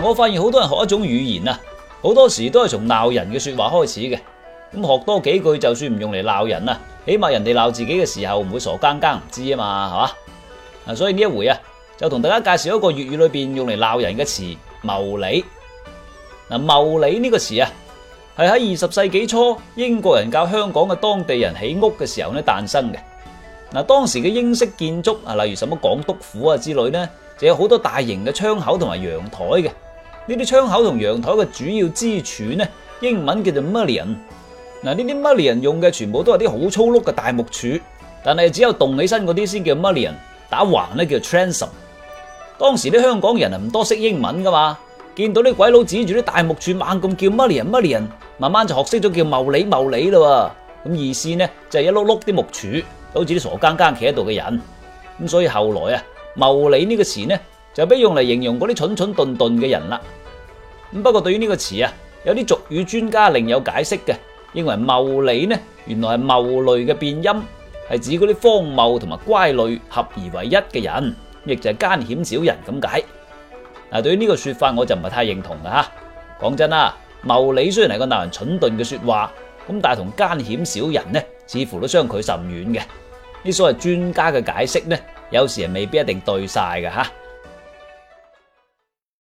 我發現好多人學一種語言啊，好多時都係從鬧人嘅說話開始嘅。咁學多幾句就算唔用嚟鬧人啊，起碼人哋鬧自己嘅時候唔會傻更更唔知啊嘛，係嘛？嗱，所以呢一回啊，就同大家介紹一個粵語裏邊用嚟鬧人嘅詞“茂利”。嗱，“茂利”呢個詞啊，係喺二十世紀初英國人教香港嘅當地人起屋嘅時候咧誕生嘅。嗱，當時嘅英式建築啊，例如什麼港督府啊之類呢，就有好多大型嘅窗口同埋陽台嘅。呢啲窗口同陽台嘅主要支柱呢，英文叫做 mullion。嗱、啊，呢啲 mullion 用嘅全部都係啲好粗碌嘅大木柱，但係只有動起身嗰啲先叫 mullion。打橫咧叫 transom。當時啲香港人啊唔多識英文噶嘛，見到啲鬼佬指住啲大木柱猛咁叫 mullion，mullion，慢慢就學識咗叫茂利茂利啦、啊。咁意思呢就係、是、一碌碌啲木柱，好似啲傻更更企喺度嘅人。咁所以後來啊，茂利呢個詞呢，就俾用嚟形容嗰啲蠢蠢頓頓嘅人啦。咁不過對於呢個詞啊，有啲俗語專家另有解釋嘅，認為茂利呢，原來係謬戾嘅變音，係指嗰啲荒謬同埋乖戾合而為一嘅人，亦就係奸險小人咁解。嗱，對於呢個說法，我就唔係太認同嘅吓。講真啦，茂利雖然係個鬧人蠢鈍嘅說話，咁但係同奸險小人呢，似乎都相距甚遠嘅。啲所謂專家嘅解釋呢，有時又未必一定對晒嘅吓。